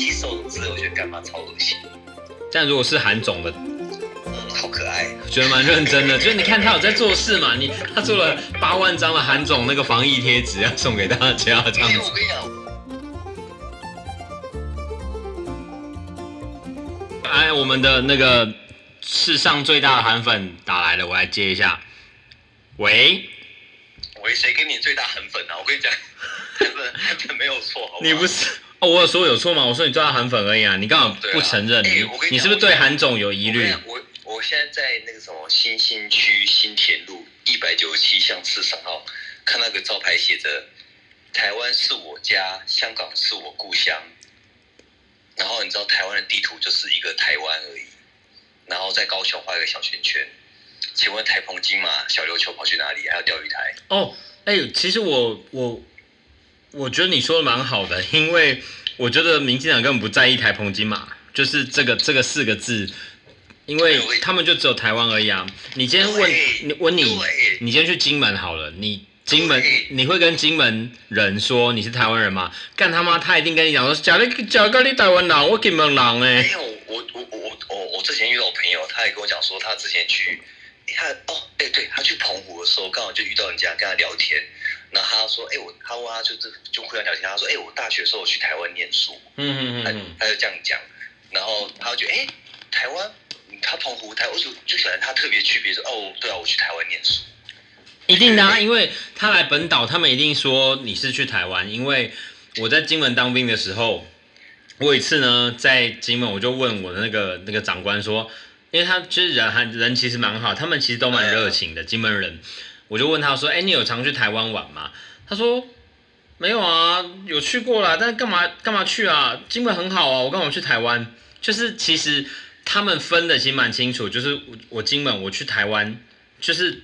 接手工我覺得幹嘛超噁心。但如果是韓總的、嗯，好可愛，我覺得蠻認真的。 就是你看他有在做事嘛，你他做了八萬張的韓總那個防疫貼紙要送給大家，這樣子。哎、欸，我們的那個世上最大的韓粉打來了，我來接一下。喂，喂，誰跟你最大韓粉啊？我跟你講，韓粉，韓粉沒有錯，你不是。哦，我有說我有錯嗎？我說你抓到韓粉而已啊，你剛好不承認，啊欸、你你是不是對韓總有疑慮？我我，我現在在那個什麼新興區新田路一百九十七巷四十三號，看那個招牌寫着“台灣是我家，香港是我故鄉”，然後你知道台灣的地圖就是一個台灣而已，然後在高雄畫一個小圈圈，請問台澎金馬小琉球跑去哪裡？還有釣魚台？哦，哎、欸，其實我我。我覺得你說的蠻好的，因為我覺得民進黨根本不在意台澎金馬，就是這個這個四個字，因為他們就只有台灣而已啊。你今天問你問你，你今天去金門好了，你金門你會跟金門人說你是台灣人嗎？幹他媽，他一定跟你講說，假的，假的，你台灣人，我金門人哎。沒有，我我我我我之前遇到我朋友，他也跟我講說，他之前去他哦哎對，對他去澎湖的時候，剛好就遇到人家跟他聊天。那他說：“哎、欸，我他問，他就是就忽然，聊天。他說：‘哎、欸，我大學的時候我去台灣念書。嗯’嗯嗯嗯，他就這樣講。然後他就覺得：‘哎、欸，台灣，他澎湖台。’我就覺得，他特別區別說：哦，對啊，我去台灣念書。一定的啊，啊，因為他來本島，他們一定說你是去台灣。因為我在金門當兵的時候，我有一次呢在金門，我就問我的那個那個長官說，因為他其實人還人其實蠻好，他們其實都蠻熱情的，哎、金門人。”我就問他說：“哎、欸，你有常去台灣玩嗎？”他說：“沒有啊，有去過啦。但幹嘛幹嘛去啊？金門很好啊，我幹嘛去台灣？就是其實他們分得其實蠻清楚，就是我我金門我去台灣就是。”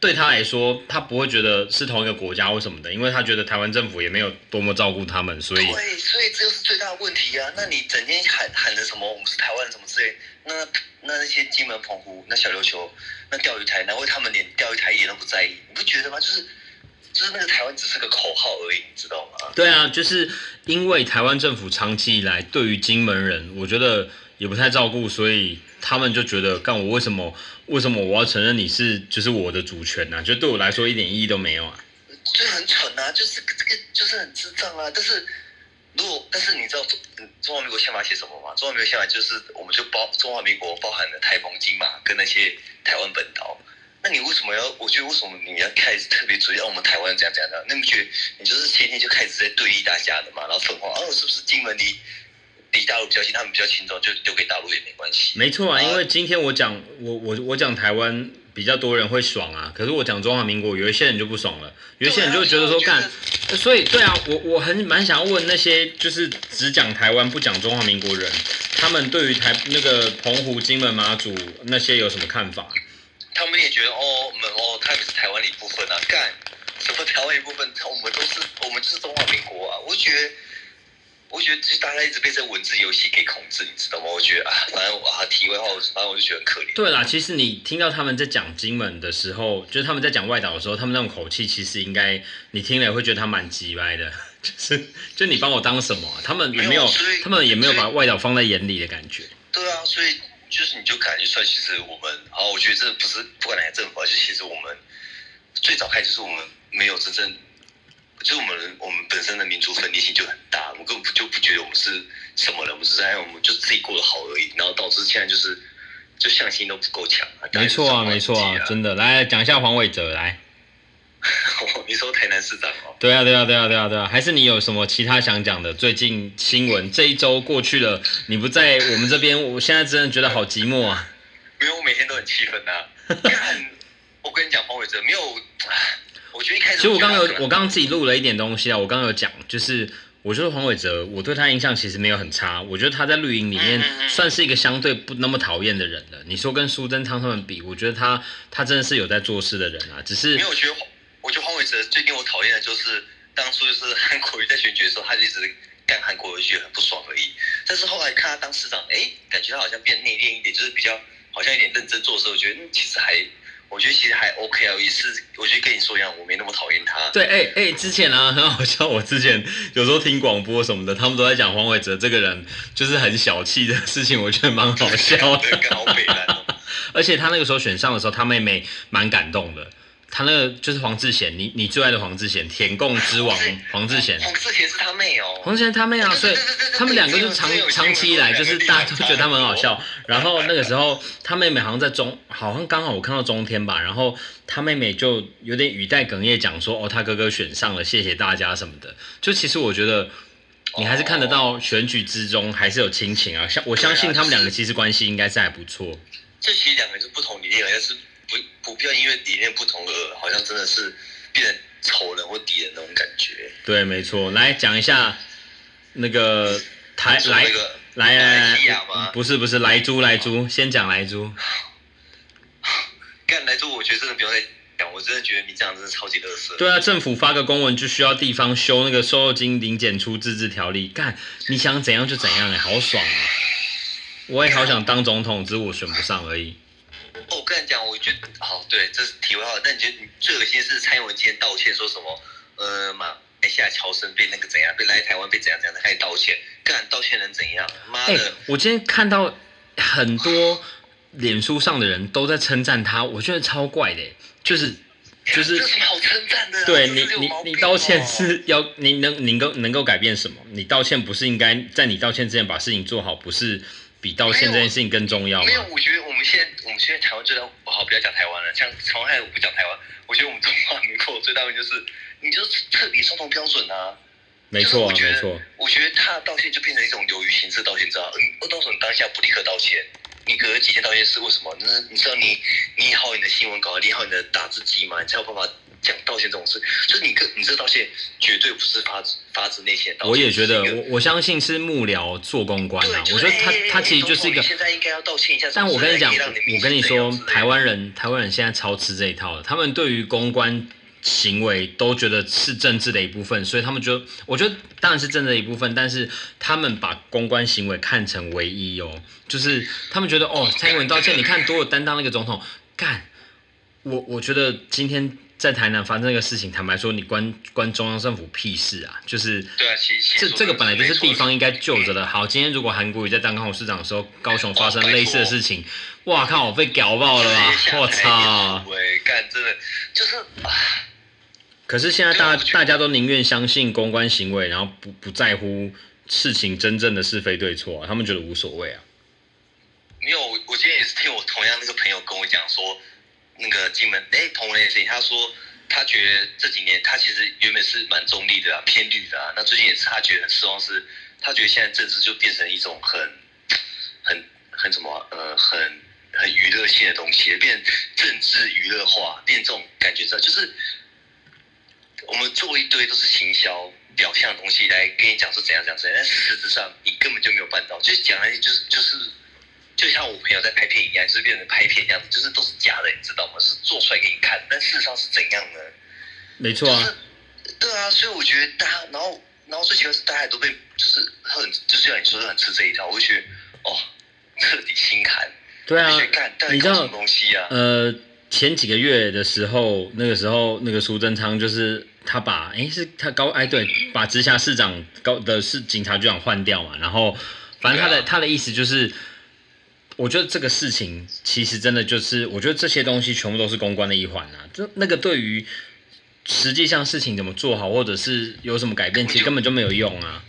對他來說，他不會覺得是同一個國家或什麼的，因為他覺得台灣政府也沒有多麼照顧他們，所以對，所以這就是最大的問題啊！那你整天喊喊著什麼“我們是台灣”什麼之類，那那那些金門、澎湖、那小琉球、那釣魚台，難怪他們連釣魚台一點都不在意，你不覺得嗎？就是就是那個台灣只是個口號而已，你知道嗎？對啊，就是因為台灣政府長期以來對於金門人，我覺得也不太照顧，所以。他們就覺得，幹我為什麼？為什麼我要承認你是就是我的主權呢、啊？就對我來說一點意義都沒有啊！就很蠢啊，就是、這個、就是很智障啊！但是如果但是你知道中，中華民國憲法寫什麼嗎？中華民國憲法就是我們就包中華民國包含了台澎金馬跟那些台灣本島，那你為什麼要？我覺得為什麼你要開始特別注意我們台灣怎樣怎樣？那不覺得你就是先天就開始在對立大家的嘛？然後分化哦、啊，是不是金門的？離大陸比較近，他們比較輕鬆，就丟給大陸也沒關係。沒錯啊，啊，因為今天我講我我我講台灣比較多人會爽啊，可是我講中華民國有一些人就不爽了，有一些人就覺得說，幹！所以對啊，我啊我，我很蠻想要問那些就是只講台灣不講中華民國人，他們對於台那個澎湖、金門、馬祖那些有什麼看法？他們也覺得哦，我們哦，他們是台灣的一部分啊，幹什麼台灣一部分？我們都是我們就是中華民國啊，我覺得。我覺得就大家一直被這文字遊戲給控制，你知道嗎？我覺得啊，反正我題外話，反正我就覺得可憐。對啦，其實你聽到他們在講金門的時候，就是他們在講外島的時候，他們那種口氣，其實應該你聽了也會覺得他蠻急歪的，就是就你幫我當什麼，啊？他們也沒有，沒有，他們也沒有把外島放在眼裡的感覺。對啊，所以就是你就感覺說，其實我們啊，我覺得這不是不管哪個政府，而是其實我們最早開始是我們沒有真正。本身的民族分裂性就很大，我根本就不覺得我們是什麼人，我們是在，我們就自己過得好而已，然後導致現在就是就向心都不夠強啊。沒錯啊，啊，沒錯啊，真的，來講一下黃偉哲來。 你說台南市長哦。對啊，對啊，對啊，對啊，對啊，還是你有什麼其他想講的？最近新聞這一周過去了，你不在我們這邊，我現在真的覺得好寂寞啊。因 為我每天都很氣憤吶。我跟你講，黃偉哲沒有。 我覺得一開始其實我剛剛有，我剛剛自己錄了一點東西啊。我剛剛有講，就是我覺得黃偉哲，我對他印象其實沒有很差。我覺得他在綠營裡面算是一個相對不那麼討厭的人了。你說跟蘇貞昌他們比，我覺得他他真的是有在做事的人啊。只是沒有我覺得，我覺得黃偉哲最令我討厭的就是當初就是韓國瑜在選舉的時候，他就一直幹韓國瑜，覺得很不爽而已。但是後來看他當市長，哎、欸，感覺他好像變內斂一點，就是比較好像有點認真做事，我覺得、嗯、其實還。我覺得其實還 OK 啊，也是。我就跟你說一樣，我沒那麼討厭他。對，哎、欸、哎、欸，之前啊很好笑，我之前有時候聽廣播什麼的，他們都在講黃偉哲這個人就是很小氣的事情，我覺得蠻好笑的。好暖男啦，而且他那個時候選上的時候，他妹妹蠻感動的。他那個就是黃智賢，你你最愛的黃智賢，舔共之王黃智賢。黃智賢、啊、是他妹哦、喔。黃智賢他妹啊，所以對對對對對，他們兩個就長過過長期以來就是大家都覺得他們很好笑。然後那個時候、啊啊、他妹妹好像在中，好像剛好我看到中天吧，然後他妹妹就有點語帶哽咽講說：“哦，他哥哥選上了，謝謝大家什麼的。”就其實我覺得你還是看得到選舉之中、哦、還是有親情啊，啊，我相信他們兩個其實關係應該是還不錯。這其實兩個是不同年紀好像是。嗯不不必要因為理念不同而好像真的是變仇人、或敵人那種感覺。對，沒錯，來講一下那個台來來來，不是不是萊豬，萊豬先講萊豬，幹，萊豬我覺得真的不要再講，我真的覺得你這樣真的超級垃圾。對啊，政府發個公文就需要地方修那個瘦肉精零檢出自治條例，幹，你想怎樣就怎樣哎，好爽啊！我也好想當總統，啊、只是我選不上而已。哦我跟你講，我覺得好、哦、對，這是體會好。但你覺得你最噁心的是蔡英文今天道歉說什麼？呃嘛，一下喬生被那個怎樣，被來台灣被怎樣怎樣的，還道歉，當道歉能怎樣？媽的、欸！我今天看到很多臉書上的人都在稱讚他，我覺得超怪的，就是就是，什麼好稱讚的、啊？對，就是啊、對你你你道歉是要你能你能夠能夠改變什麼？你道歉不是應該在你道歉之前把事情做好，不是？比道歉這件事情更重要沒。沒有，我覺得我們現在，我們現在台灣最大……好，不要講台灣了，講台灣害我不講台灣。我覺得我們中華民國最大問題就是，你就是特別雙重標準啊。沒錯、啊就是，沒錯。我覺得他道歉就變成一種流於形式道歉，知道嗎？嗯，我到時候你當下不立刻道歉，你隔幾天道歉是為什麼？那你知道你，你好你的新聞稿，你好你的打字機嗎？你才有辦法。講道歉這種事，就是你個，你這道歉絕對不是發發自內心的。我也覺得，我我相信是幕僚做公關啊、就是。我覺得他他其實就是一個。就是、一個現在應該要道歉一下。但我跟你講，我跟你說，台灣人台灣人現在超吃這一套的，他們對於公關行為都覺得是政治的一部分，所以他們覺得，我覺得當然是政治的一部分，但是他們把公關行為看成唯一哦，就是他們覺得哦，蔡英文道歉，你看多有擔當，那個總統幹。 我我覺得今天在台南發生這個事情，坦白說，你關關中央政府屁事啊？就是對啊，其實其實是這這個本來就是地方應該救着的。好，今天如果韓國瑜在當高雄市長的時候，說高雄發生類似的事情，哇靠，我被屌爆了吧！我操！對，幹這個就是。可是現在大家大家都寧願相信公關行為，然後不不在乎事情真正的是非對錯，他們覺得無所謂啊。沒有，我今天也是聽我同樣的那個朋友跟我講說。那個金門哎、欸，同我類似，他說他覺得這幾年他其實原本是蠻中立的啊，偏綠的啊。那最近也是他覺得很失望是，是他覺得現在政治就變成一種很很很什麼呃，很很娛樂性的東西，變政治娛樂化，變這種感覺是，就是我們做一堆都是行銷表象的東西來跟你講是怎樣怎樣怎樣，但是實質上你根本就沒有辦到，就是講的、就是，就是就是。就像我朋友在拍片一樣，就是變成拍片一樣的，就是都是假的，你知道嗎？是做出來給你看，但事實上是怎樣呢？沒錯啊、就是，對啊，所以我覺得大家，然後，然後最奇怪是大家也都被就是很，就是要你說的很吃這一套，我就覺得哦，徹底心寒。對啊，啊，你知道？什麼東西啊？呃，前幾個月的時候，那個時候那個蘇貞昌就是他把，哎、欸，是他高，哎，對，嗯、把直轄市長高的市警察局長換掉嘛，然後反正他的、啊、他的意思就是。我覺得這個事情其實真的就是，我覺得這些東西全部都是公關的一環啊。就那個對於實際上事情怎麼做好，或者是有什麼改變，其實根本就沒有用啊。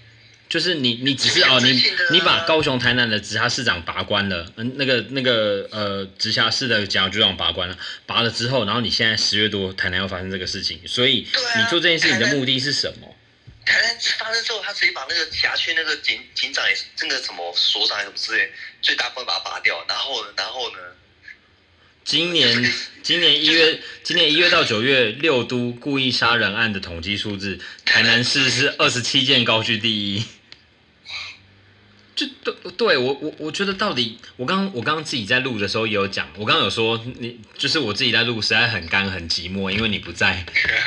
就是你你只是哦，你你把高雄台南的直轄市長拔官了，嗯，那個那個呃直轄市的警察局長拔官了，拔了之後，然後你現在十月多台南要發生這個事情，所以你做這件事情的目的是什麼？台南發生之後，他直接把那個轄區那個警警長也是那個什麼所長什麼之類，最大規模把他拔掉。然後呢？然後呢？今年，今年一月，今年一月到九月，六都故意殺人案的統計數字，台南市是二十七件，高居第一。就對，對我我我覺得到底，我剛剛我剛剛自己在錄的時候也有講，我剛剛有說，你就是我自己在錄實在很乾很寂寞，因為你不在。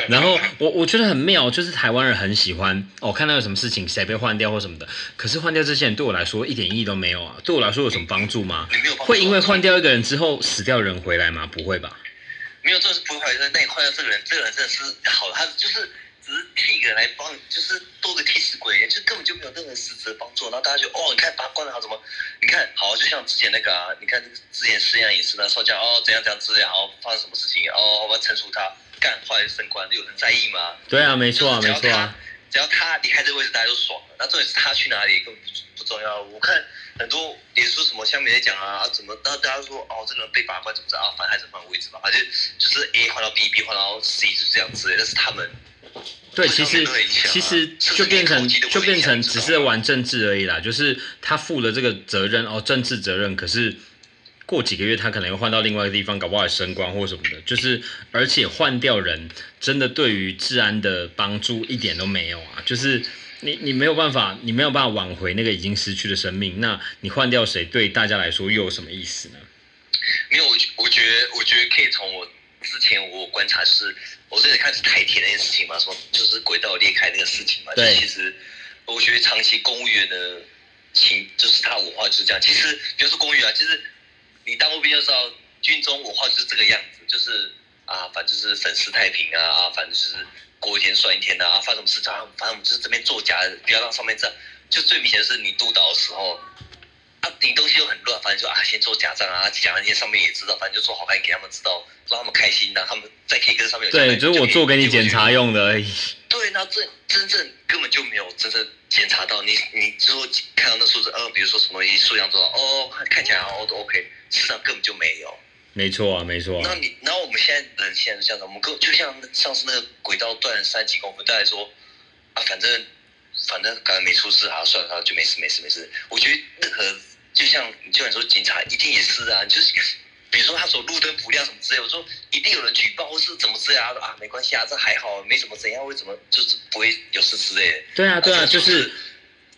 然後我我覺得很妙，就是台灣人很喜歡哦，看到有什麼事情誰被換掉或什麼的。可是換掉這些人對我來說一點意義都沒有啊！對我來說有什麼幫助嗎？你沒有幫助，會因為換掉一個人之後死掉人回來嗎？不會吧。沒有，這、就是不會的。那你換掉這個人，這個人真的是好，他就是。替個人來幫，就是多個替死鬼，就根本就沒有任何實質的幫助。然後大家就哦，你看八卦了，他怎麼？你看好，就像之前那個啊，你看之前誰樣，也是那吵架哦，怎樣怎樣子呀，啊？然，哦，後發生什麼事情？哦，把懲處他幹壞升官，有人在意嗎？對啊，沒錯，啊就是，沒錯，啊。只要他只要他離開這個位置，大家都爽了。那重點是他去哪裡根本不，不重要。我看很多也說什麼，下面在講啊，怎麼？那大家說哦，這個人被八卦怎麼着啊？反正還是換位置吧，反，啊，正就，就是 A 換到 B，B 換到 C，就是這樣子。但是他們。對，其實其實就變成就變成只是玩政治而已啦，就是他負了這個責任哦，政治責任。可是過幾個月他可能又換到另外一個地方，搞不好升官或什麼的。就是而且換掉人真的對於治安的幫助一點都沒有啊！就是你你沒有辦法，你沒有辦法挽回那個已經失去的生命。那你換掉誰對大家來說又有什麼意思呢？沒有，我覺我覺得我覺得可以從我。之前我觀察、就是，我最開看是台鐵的那件事情嘛，說就是軌道裂開的那個事情嘛。對。就其實我覺得長期公務員的情就是他文化就是這樣。其實比如說公務員啊，其實你當兵的時候，軍中文化就是這個樣子，就是啊，反正就是粉飾太平啊，啊，反正就是過一天算一天吶、啊，啊，發生什麼事兒啊，反正就是這邊做假，不要讓上面知道。就最明顯的是你督導的時候。你東西就很亂，反正就啊，先做假賬啊，假那些上面也知道，反正就做好看，給他們知道，讓他們開心吶、啊，他們再可以跟上面。對，只、就是我做給你檢查用的而已。對，那真真正根本就沒有真正檢查到你，你說看到那數字，呃，比如說什麼東西數量多少，哦，看起來然後都 OK，實際上根本就沒有。沒錯啊，沒錯、啊。那你那我們現在人現在是這樣子，我們跟就像上次那個軌道斷三幾公分，大家說啊，反正反正剛剛沒出事啊，算了算、啊、了，就沒事沒事沒事。我覺得任何。呃就像，就像你說警察一定也是啊，就是比如說他說路燈不亮什麼之類，我說一定有人舉報或是怎麼之類啊，啊，沒關係啊，這還好，沒什麼怎樣或怎麼就是不會有事之類的。對啊，對啊，就是、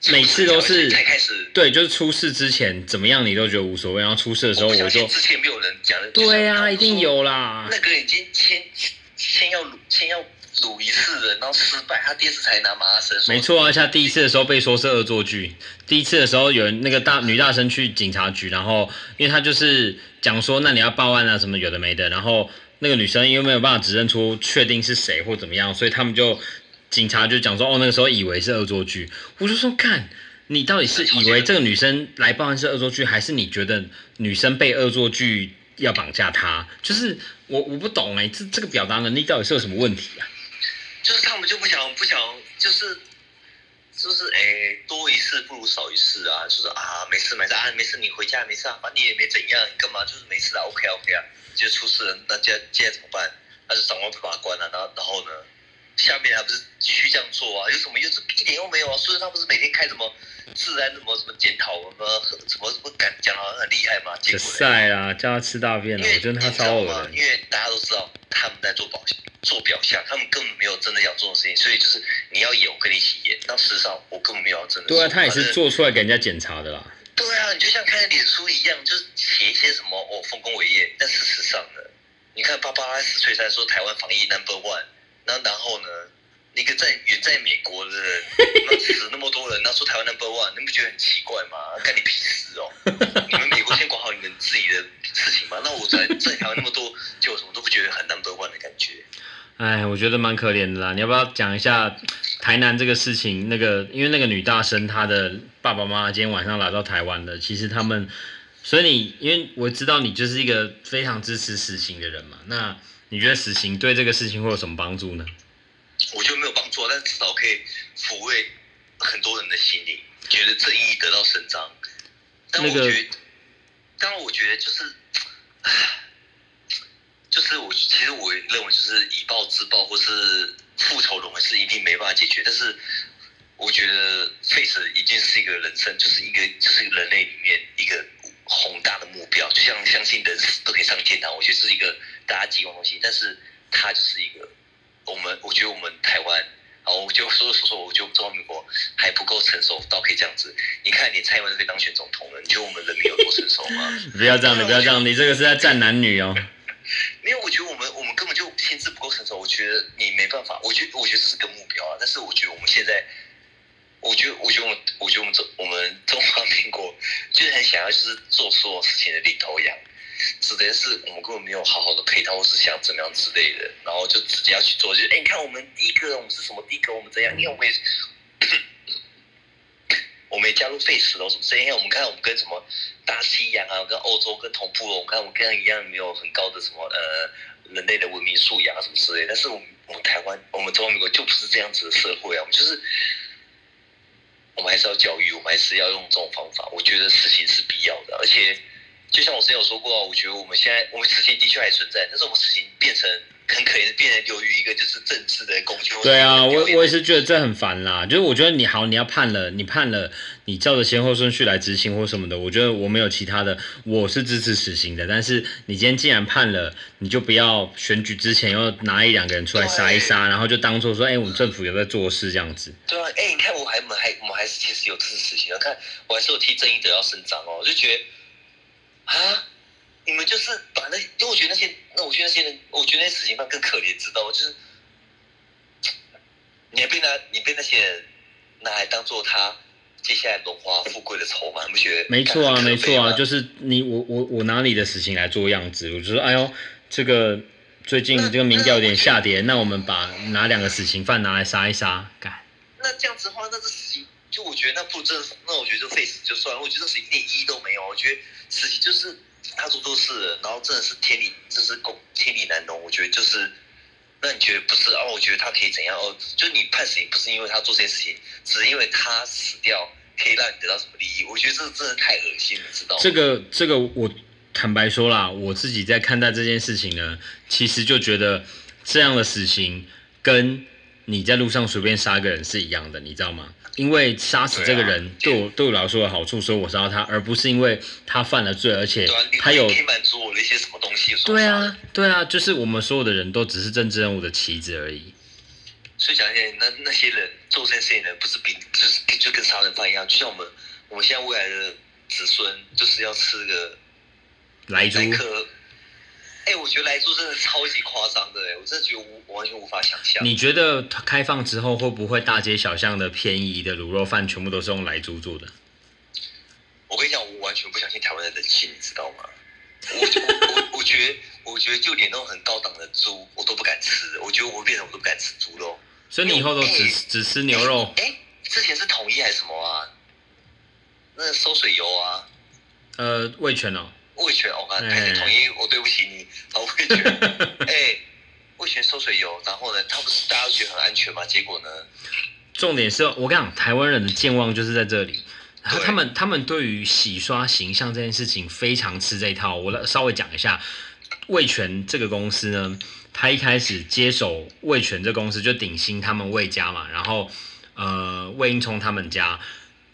就是每次都是，次都是才開始，對，就是出事之前怎麼樣你都覺得無所謂，然後出事的時候我就我之前沒有人講的，對啊，一定有啦，那個已經先先要先要。先要賭一次的，然後失敗，他第一次才拿馬拉沒錯啊，像第一次的時候被說是惡作劇，第一次的時候有人那個大女大生去警察局，然後因為他就是講說，那你要報案啊什麼有的沒的，然後那個女生因為沒有辦法指認出確定是誰或怎麼樣，所以他們就警察就講說，哦那個時候以為是惡作劇，我就說看，你到底是以為這個女生來報案是惡作劇，還是你覺得女生被惡作劇要綁架她？就是我我不懂哎、欸，這這個表達能力到底是有什麼問題啊？就是他們就不想不想，就是就是哎，多一事不如少一事啊！就是啊，沒事、沒事、啊、沒事、沒事啊，沒事你回家沒事啊，反正你也沒怎樣，你幹嘛就是沒事啊？OK 啊 OK 啊，就出事了，那接接下來怎麼辦？那就掌握法官了，然後然後呢？下面還不是繼續這樣做啊？有什麼又是一點又沒有啊？所以他不是每天開什麼治安什麼什麼檢討，什麼什麼什麼敢講得很厲害嗎？曬啊，叫他吃大便啊！因為大家都知道他們在做表做表象，他們根本沒有真的想做的事情。所以就是你要有跟你企業，但事實上我根本沒有真的，的。對啊，他也是做出來給人家檢查的啦。對啊，你就像看臉書一樣，就是寫一些什麼哦豐功偉業，但事實上呢？你看巴巴拉斯歲才說台灣防疫 number one。那然後呢？一個在遠在美國的人，那死那麼多人，那說台灣 number one，你不覺得很奇怪嗎？幹你屁事哦！你們美國先管好你們自己的事情吧。那我在在台灣那麼多，就我什麼都不覺得很 number one 的感覺。哎，我覺得蠻可憐的啦。你要不要講一下台南這個事情？那個因為那個女大生，她的爸爸媽媽今天晚上來到台灣的。其實他們，所以你因為我知道你就是一個非常支持死刑的人嘛。那。你覺得死刑對這個事情會有什麼幫助呢？我覺得沒有幫助，但至少可以撫慰很多人的心靈，覺得正義得到伸張。但我覺得，那個，但我覺得就是，就是我其實我認為就是以暴制暴或是復仇的話是一定沒辦法解決。但是我覺得 face 一定是一個人生，就是一個就是人類裡面一個宏大的目標，就像相信人死都可以上天堂，我覺得是一個。大家寄東西，但是他就是一個，我們我覺得我們台灣，然後我就說說說，我覺得中華民國還不夠成熟，到可以這樣子。你看，你蔡英文都可以當選總統了，你覺得我們人民有多成熟嗎？ 不要這樣，你不要這樣，這樣你這個是在戰男女哦。因 為我覺得我們我們根本就心智不夠成熟，我覺得你沒辦法。我覺得我覺得這是個目標啊，但是我覺得我們現在，我覺得我覺得我我覺得我們中我，我，我，我，我們中華民國就是很想要就是做所有事情的領頭羊。指的是我們根本沒有好好的配套，或是想怎麼樣之類的，然後就直接要去做，就哎、是，你看我們第一個，我們是什麼第一個，我們怎樣？因為我們也，我們也加入廢死了，所以因為我們看我們跟什麼大西洋啊，跟歐洲跟同步哦，我看我們跟他一樣沒有很高的什麼呃人類的文明素養、啊、什麼之類，但是我們我們台灣，我們中華民國就不是這樣子的社會啊，我們就是我們還是要教育，我們還是要用這種方法，我覺得事情是必要的，而且。就像我之前有說過，我覺得我們現在我們死刑的確還存在，但是我們死刑變成很可憐的，變成由於一個就是政治的工具。對啊，我我也是覺得這很煩啦。就是我覺得你好，你要判了，你判了，你照着先後順序來執行或什麼的，我覺得我們有其他的，我是支持死刑的。但是你今天既然判了，你就不要選舉之前又拿一兩個人出來殺一殺，啊，然後就當做說，哎、欸，我們政府有在做事這樣子。對，啊，哎、欸，你看我還我們還我們還是其實有支持死刑，啊，看我還是有替正義得到伸張哦，我就覺得。啊！你們就是把那，因為我覺得那些，那我覺得那些人，我覺得那些死刑犯更可憐，知道嗎？就是你還被那，你被那些人拿來當做他接下來榮華富貴的籌碼，你不覺得？沒錯啊，沒錯啊，就是你，我，我，我拿你的死刑來做樣子，我就說、是，哎呦，這個最近這個民調有點下跌，那，那，我，那我們把拿兩個死刑犯拿來殺一殺，改，那這樣子的話，那這死刑，就我覺得那不真的，那我覺得就廢死就算了，我覺得這死刑一點意義都沒有，我覺得。事情就是他做錯事了，然後真的是天理，真，就是公天理難容。我覺得就是，那你覺得不是哦，啊，我覺得他可以怎樣？哦，就你判死刑不是因為他做這些事情，只是因為他死掉可以讓你得到什麼利益？我覺得這真的太惡心了，知道嗎？這個這個，我坦白說啦，我自己在看待這件事情呢，其實就覺得這樣的死刑跟你在路上隨便殺個人是一樣的，你知道嗎？因為殺死這個人對我、啊、對我來說有好處，所以我殺了他，而不是因為他犯了罪，而且他有可以滿足我的一些什麼東西。對啊，對啊，就是我們所有的人都只是政治任務的、啊啊就是，的、的棋子而已。所以講一下，那那些人做這些事情的人，不是比就是就跟殺人犯一樣，就像我們我們現在未來的子孫，就是要吃個萊豬。哎、欸，我覺得萊豬真的超級誇張的，哎，我真的覺得我完全無法想象你覺得開放之後會不會大街小巷的便宜的滷肉飯全部都是用萊豬做的？我跟你講，我完全不相信台灣人的心，你知道嗎？我我我，我我覺得我覺得就連那種很高檔的豬，我都不敢吃。我覺得我變成我都不敢吃豬肉，所以你以後都只、欸、只吃牛肉。哎、欸欸，之前是統一還是什麼啊？那收水油啊？呃，味全哦。味全我剛剛開始統一，我對不起你，好味全，哎、 欸，味全收水油，然後呢，他不是大家都覺得很安全嘛？結果呢，重點是我跟你講，台灣人的健忘就是在這裡，然後他,他們他們對於洗刷形象這件事情非常吃這一套。我來稍微講一下，味全這個公司呢，他一開始接手味全這個公司就頂新他們魏家嘛，然後呃魏應充他們家。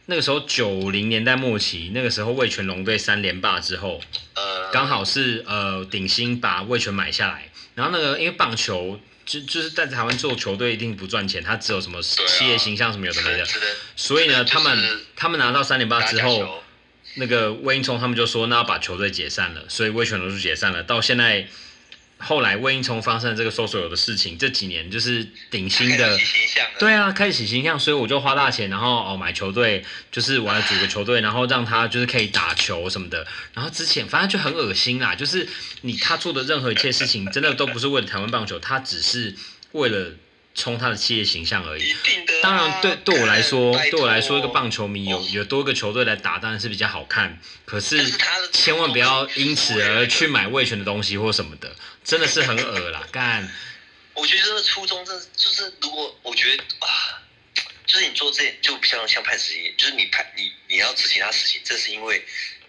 那個時候九零年代末期，那個時候味全龍隊三連霸之後，呃，剛好是呃頂新把味全買下來，然後那個因為棒球就就是在台灣做球隊一定不賺錢，他只有什麼企業形象什麼有的沒的，啊、所以呢、就是、他們他們拿到三連霸之後，那個魏應充他們就說那要把球隊解散了，所以味全龍就解散了，到現在。後來魏應充發生這個餿水油的事情，這幾年就是頂新的，對啊，開始洗形象，所以我就花大錢，然後哦買球隊，就是我要組個球隊，然後讓他就是可以打球什麼的。然後之前反正就很噁心啦，就是你他做的任何一切事情，真的都不是為了台灣棒球，他只是為了。沖他的企業形象而已。當然，對對我來說，對我來說，一個棒球迷有有多個球隊來打當然是比較好看。可是千萬不要因此而去買味全的東西或什麼的，真的是很惡啦。幹！但 我覺得這個初衷這就是如果我覺得啊，就是你做這，就像像判死刑，就是你判你你要執行他死刑，這是因為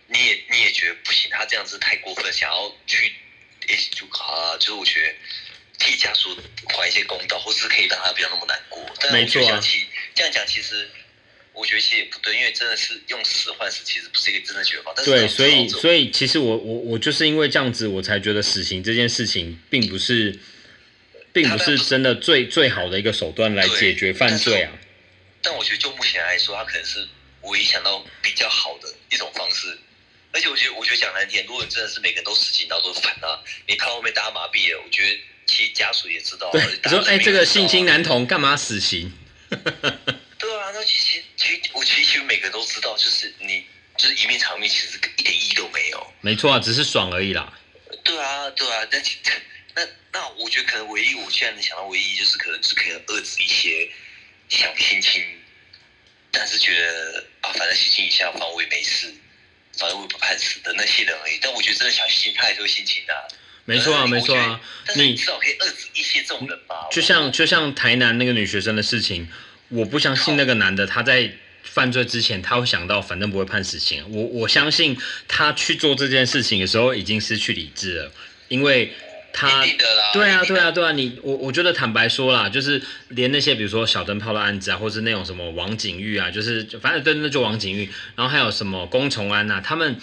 你也你也覺得不行，他這樣子太過分，想要去哎就啊，就是我覺得。以家屬還一些公道，或是可以讓他不要那麼難過。但沒錯、啊。這樣講其實，我覺得其實也不對，因為真的是用死換死，其實不是一個真的解決法。對，所以所以其實我我我就是因為這樣子，我才覺得死刑這件事情並不是，並不是真的最最好的一個手段來解決犯罪啊。但我，但我覺得就目前來說，它可能是唯一想到比較好的一種方式。而且我覺得，我覺得講難聽點，如果真的是每個人都死刑，到時候煩了，你看後面大家麻痹了、欸，我覺得。其實家屬也知道。你說，哎，這個性侵男童幹嘛死刑？ 對啊，那其實其實我其實，其實每個人都知道，就是你就是以命償命，其實一點意義都沒有。沒錯啊，只是爽而已啦。對啊，對啊，那那那，那我覺得可能唯一我現在能想到唯一就是，可能只可以遏制一些想性侵，但是覺得啊，反正性侵一下犯我也沒事，反正我也不怕死的那些人而已。但我覺得真的想性侵，他還是會性侵的。沒錯啊，嗯、沒錯啊，你至少可以遏制一些這種人吧。就像就像台南那個女學生的事情，我不相信那個男的他在犯罪之前他會想到反正不會判死刑。我我相信他去做這件事情的時候已經失去理智了，因為他，對啊對啊對啊，你我我覺得坦白說啦，就是連那些比如說小燈泡的案子啊，或是那種什麼王景玉啊，就是反正對那就王景玉，然後還有什麼龔重安吶、啊，他們。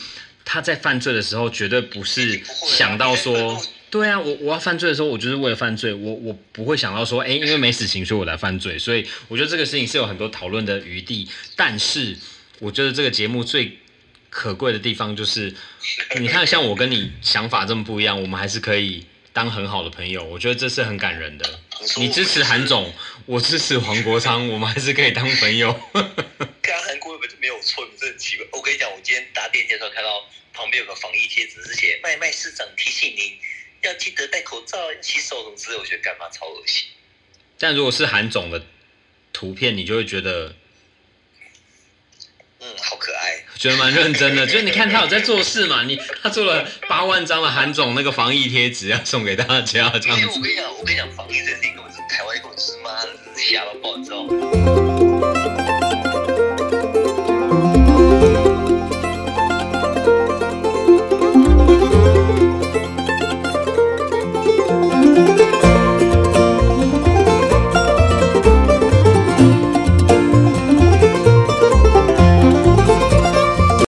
他在犯罪的時候，絕對不是想到說，對啊，我我要犯罪的時候，我就是為了犯罪，我我不會想到說，哎、欸，因為沒死刑，所以我來犯罪。所以我覺得這個事情是有很多討論的餘地。但是，我覺得這個節目最可貴的地方就是，你看，像我跟你想法這麼不一樣，我們還是可以當很好的朋友。我覺得這是很感人的。你支持韓總，我支持黃國昌，我們還是可以當朋友。 我跟你講，我今天搭電梯的時候看到旁邊有個防疫貼紙，是寫“麥麥市長提醒您要記得戴口罩、洗手”，總之我覺得幹嘛超惡心。但如果是韓總的圖片，你就會覺得，嗯，好可愛，覺得蠻認真的， 就是你看他有在做事嘛， 你他做了八萬張的韓總那個防疫貼紙要送給大家，這樣子。我跟你講，我跟你講，防疫這東西，台灣公司媽是是嚇到爆炸。你